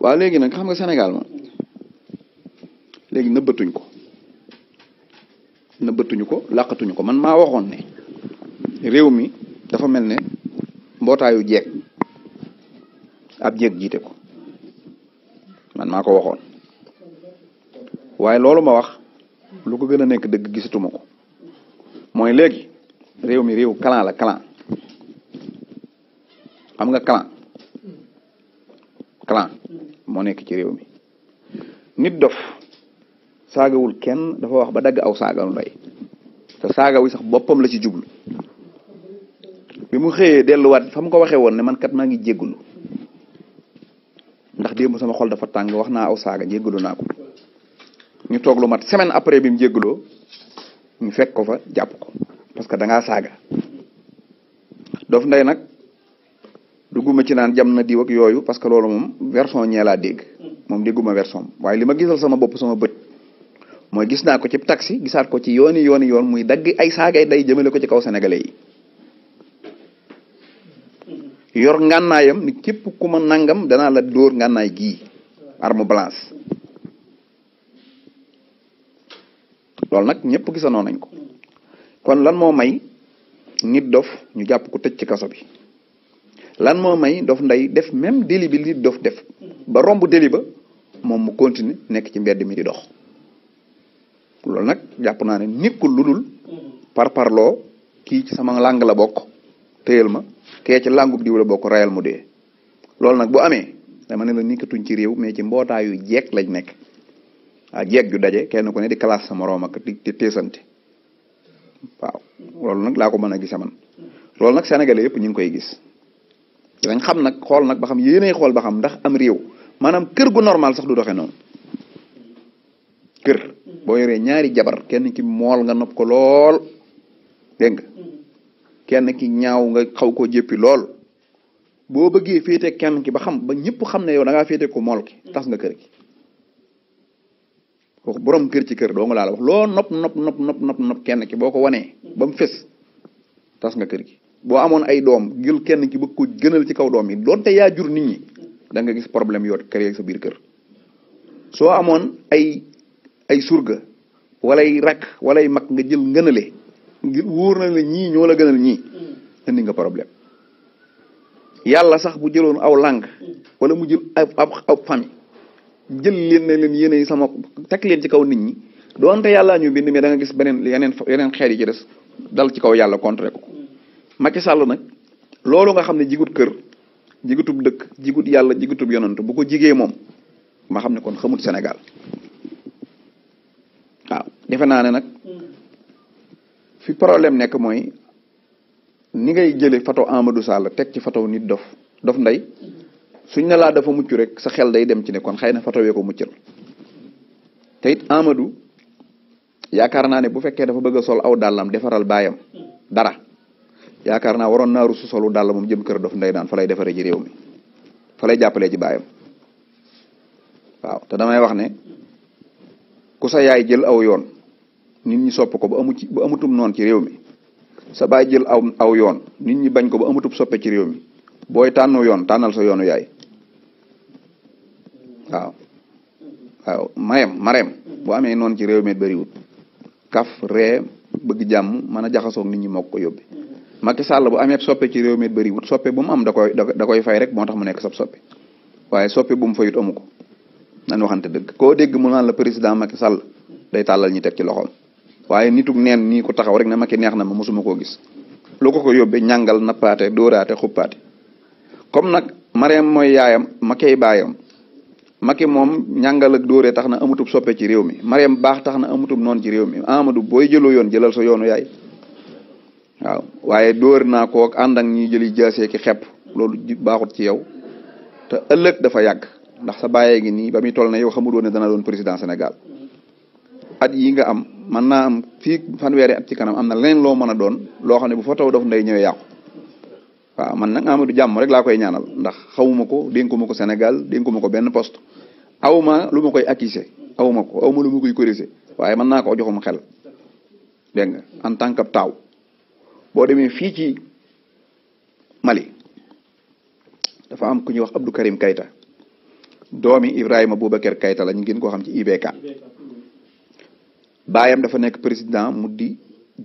waaw léegi nag xam nga Sénégal moom léegi nëbbatuñ ko nëbbatuñu ko làqatuñu ko man maa waxoon ne réew mi dafa mel ne mbootaayu jeeg ab jeeg jiite ko man maa ko waxoon waaye loolu ma wax lu ko gën a nekk dëgg gisatuma ko mooy léegi réew mi réew clan la clan xam nga clan clan moo nekk ci réew mi nit dof saagawul kenn dafa wax ba dagg aw saaga lu doy te saaga wi sax boppam la ci jublu bi mu xëyee delluwaat fa mu ko waxee woon ne man kat maa ngi jéggulu ndax démb sama xol dafa tàng wax naa aw saaga jéggulu naa ko ñu toog lu mat semaine après bi mu jégguloo ñu fekk ko fa jàpp ko parce que da ngaa saaga dof ndey nag dugguma ci naan jam na diw yooyu parce que loolu moom version ñee laa dégg moom dégguma version waaye li ma gisal sama bopp sama bët mooy gis naa ko ci taxi gisaat ko ci yooni yooni yoon muy dagg ay saagay day jëmale ko ci kaw sénégalais yor ngànnaayam képp ku ma nangam danaa la dóor ngànnaay gii arme blanche loolu nag ñëpp gisanoo nañ ko kon lan moo may nit dof ñu jàpp ko tëj ci kaso bi lan moo may Dof Ndeye def même délit bi li Dof def ba romb délit ba moom mu continuer nekk ci mbedd mi di dox loolu nag jàpp naa ne nekkul lu dul par parloo kii ci sama làng la bokk téyal ma kee ci làngub diw la bokk rayal mu dee loolu nag bu amee dama ne la nikkatuñ ci réew mais ci mbootaayu jeeg lañ nekk a jeeg ju daje kenn ku ne di classe sa moroom ak di di teesante waaw loolu nag laa ko mën a gis man loolu nag sénégalais yëpp ñu ngi koy gis. dañ xam nag xool nag ba xam yéenay xool ba xam ndax am réew maanaam kër gu normal sax du doxe noonu kër boo yoree ñaari jabar kenn ki mool nga nopp ko lool dégg nga kenn ki ñaaw nga xaw koo jëppi lool boo bëggee féete kenn ki ba xam ba ñëpp xam ne yow da ngaa ko mool ki tas nga kër gi borom kër ci kër doo nga loo nopp nopp nopp nopp nopp nopp kenn ki boo ko wanee ba mu fés tas nga kër gi boo amoon ay doom jël kenn ki bëgg ko gënal ci kaw doom yi donte yaa jur nit ñi da gis problème yoo créé sa biir kër soo amoon ay ay surga walay rakk walay mag nga jël ngënale ngir wóor na la ñii ñoo la gënal ñii indi nga problème yàlla sax bu jëloon aw làng wala mu jël ab ab ab famille jël leen ne leen yéen sama takk leen ci kaw nit ñi doonte yàllaa ñu bind mais da nga gis beneen yeneen yeneen xeet yi ci des dal ci kaw yàlla contre ko Macky Sall nag loolu nga xam ne jigut kër jigutub dëkk jigut yàlla jigutub yonant bu ko jigee moom ma xam ne kon xamut Sénégal waaw defe naa ne nag fi problème nekk mooy ni ngay jële photo Amadou Sall teg ci photo nit dof dof ndey suñ ne laa dafa mucc rek sa xel day dem ci ne kon xëy na photo wee ko muccal te it Amadou yaakaar naa ne bu fekkee dafa bëgg a sol aw dàllam defaral baayam yaakaar naa waroon naa rusu solu dàll moom jëm kër dof ndey daan fa lay defaree ji réew mi fa lay jàppalee ji baayam waaw te damay wax ne ku sa yaay jël aw yoon nit ñi sopp ko ba amu ci ba amutum noonu ci réew mi sa baay jël aw aw yoon nit ñi bañ ko ba amutub soppe ci réew mi booy tànnu yoon tànnal sa yoonu yaay waaw waaw mayem mareem bu amee noonu ci réew mi bëriwut kaf ree bëgg jàmm mën a jaxasoog nit ñi mokk ko yóbbi Macky Sall bu amee soppee ci réew mi bëriwut soppe bu mu am da koy da koy fay rek moo tax mu nekk sab soppe waaye soppe bu mu fayut amu ko nan waxante dëgg koo dégg mu naan la président Macky Sall day tàllal ñi teg ci loxoom waaye nitug neen nii ko taxaw rek ne Macky neex na ma mosuma koo gis lu ko ko yóbbee ñàngal nappaate dooraate xuppaate comme nag Mariam mooy yaayam Macky baayam Macky moom ñàngal ak dóoree tax na amutub soppee ci réew mi Mariam baax tax na amutub noonu ci réew mi Amadou booy jëloo yoon jëlal sa yoonu yaay waaw waaye dóor naa ko ak ànd ak ñuy jëli jaasee ki xepp loolu baaxut ci yow te ëllëg dafa yàgg ndax sa bàyyee ngi nii ba muy toll ne yow xamul woon ne dana doon président Sénégal at yi nga am man naa am fii fanweeri at ci kanam am na leneen loo mën a doon loo xam ne bu fa taw daf ndey ñëwee yàqu waaw man nag Amadou jàmm rek laa koy ñaanal ndax xawuma ko dénkuma ko Sénégal dénkuma ko benn poste awma lu ma koy accuser awma ko awma lu ma koy corriger waaye mën naa ko joxum xel dégg nga en tant que taaw boo demee fii ci Mali dafa am ku ñuy wax Abdou Karim Kayta doomi Ibrahima Boubacar Kayta la ñu gën koo xam ci IBK baayam dafa nekk président mu di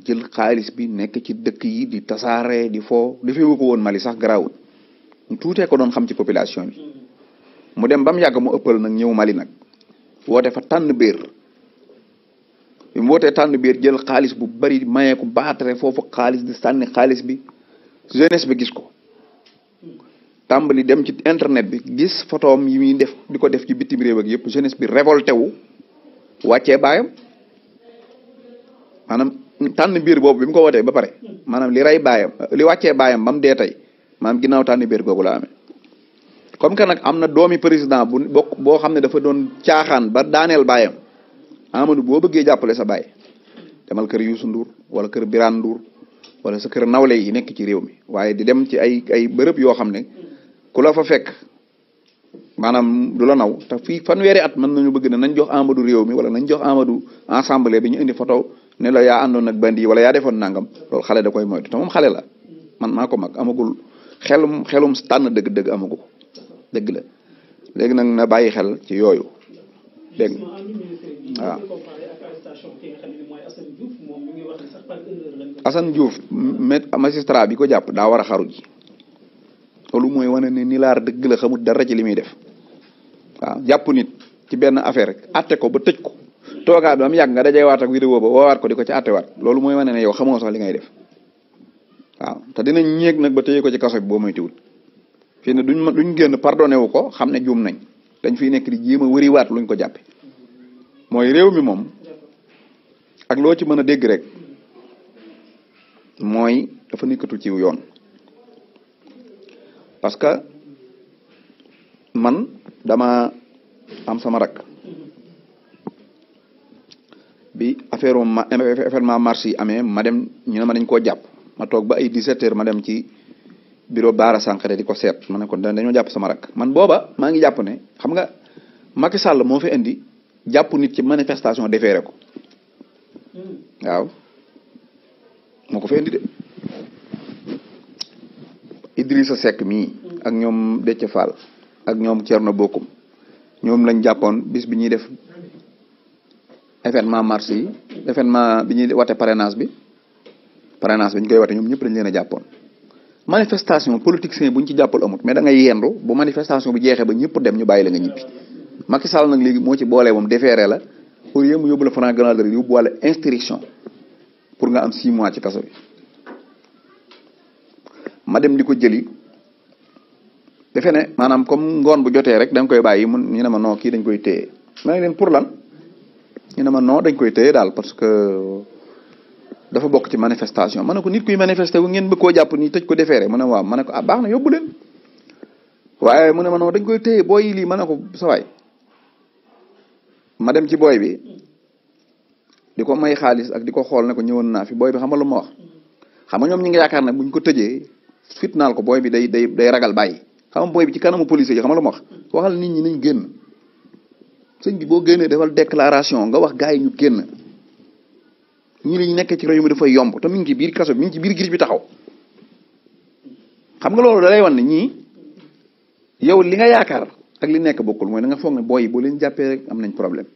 jël xaalis bi nekk ci dëkk yi di tasaare di foo li fi ko woon Mali sax garaawul mu tuutee ko doon xam ci population bi mu dem ba mu yàgg mu ëppal nag ñëw Mali nag woote defa tànn biir bi mu wootee tànn biir jël xaalis bu bari mayeeku baatare foofu xaalis di sànni xaalis bi jeunesse bi gis ko tàmbali dem ci internet bi gis photoom yi muy def di ko def ci bitim réew ak yëpp jeunesse bi révolté wu wàccee baayam maanaam tànn biir boobu bi ko wootee ba pare maanaam li rey baayam li wàccee baayam bam mu dee tey maanaam ginnaaw tànn biir googu laa amee comme que nag am na doomi président bu bokk boo xam ne dafa doon caaxaan ba daaneel baayam Amadou boo bëggee jàppale sa baay demal kër Youssou nduur wala kër Birane Ndour wala sa kër nawle yi nekk ci réew mi waaye di dem ci ay ay bërëb yoo xam ne ku la fa fekk maanaam du la naw te fii weere at mën nañu bëgg na nañ jox Amadou réew mi wala nañ jox Amadou ensemble bi ñu indi photo ne la yaa àndoon ak bandi wala yaa defoon nangam loolu xale da koy moytu te moom xale la man maa ko mag amagul xelum xelum tànn dëgg-dëgg amagu ko dëgg la léegi nag na bàyyi xel ci yooyu waaw Assane Diouf magistrat bi ko jàpp daa war a xaru ji loolu mooy wane ne laar dëgg la xamul dara ci li muy def waaw jàpp nit ci benn affaire rek atte ko ba tëj ko toogaat ba mu yàgg nga dajee waat ak vidéo ba woowaat ko di ko ci attewaat loolu mooy wane ne yow xamoo sax li ngay def waaw te dinañ ñéeg nag ba téye ko ci kaso bi boo moytuwul fii ne duñ duñ génn pardonné wu ko xam ne juum nañ dañ fiy nekk di jéem a wëriwaat luñ ko jàpp mooy réew mi moom ak loo ci mën a dégg rek mooy dafa nekkatu ci yoon parce que man dama am sama rak bi affaire ma affaire ma marché yi amee ma dem ñu ne ma dañ koo jàpp ma toog ba ay 17 heures ma dem ci bureau Baara Sankaré di ko seet ma ne ko dañoo jàpp sama rak man booba maa ngi jàpp ne xam nga Macky Sall moo fi indi jàpp nit ci manifestation defeere ko hmm. waaw moo ko fi indi de Idrissa Seck mii ak hmm. ñoom Déthié Fall ak ñoom na Bocoum ñoom lañ jàppoon bis bi ñuy def événement mars yi événement bi ñuy wate parrainage bi parrainage bi ñu koy wate ñoom ñëpp dañ leen jàppoon manifestation politique sen bu ñu ci jàppal amut mais da ngay yendu bu manifestation bi jeexee ba ñëpp dem ñu bàyyi la nga ñibbi Macky Sall nag léegi moo ci boolee moom déféré la au lieu mu yóbbu la Franck Ganaadari yóbbuwaale instruction pour nga am six mois ci kaso ma dem di ko jëli defe ne maanaam comme ngoon bu jotee rek dañ koy bàyyi mun ñu ne ma kii dañ koy téye ma ne pour lan ñu ne ma non dañ koy téye daal parce que dafa bokk ci manifestation ma ne ko nit kuy manifester ngeen bëgg koo jàpp nii tëj ko defeere mu ne waaw ma ne ko ah baax na yóbbu leen waaye mu ne ma non dañ koy téye boo lii ma ne ko sa ma dem ci booy bi di ko may xaalis ak di ko xool ne ko ñëwoon naa fi booy bi xam nga lu ma wax xam nga ñoom ñi ngi yaakaar ne buñ ko tëjee fitnaal ko booy bi day day day ragal bàyyi xam booy bi ci kanamu police yi xam nga lu ma nit ñi nañ génn sëñ bi boo génnee defal déclaration nga wax gars yi ñu génn ñu liñ ci réew mi dafay yomb te mi ngi biir kaso mi ngi ci biir gis bi taxaw xam nga loolu da lay wan ne ñii yow li nga yaakaar ak li nekk bokkul mooy da nga foog ne booy yi boo am nañ problème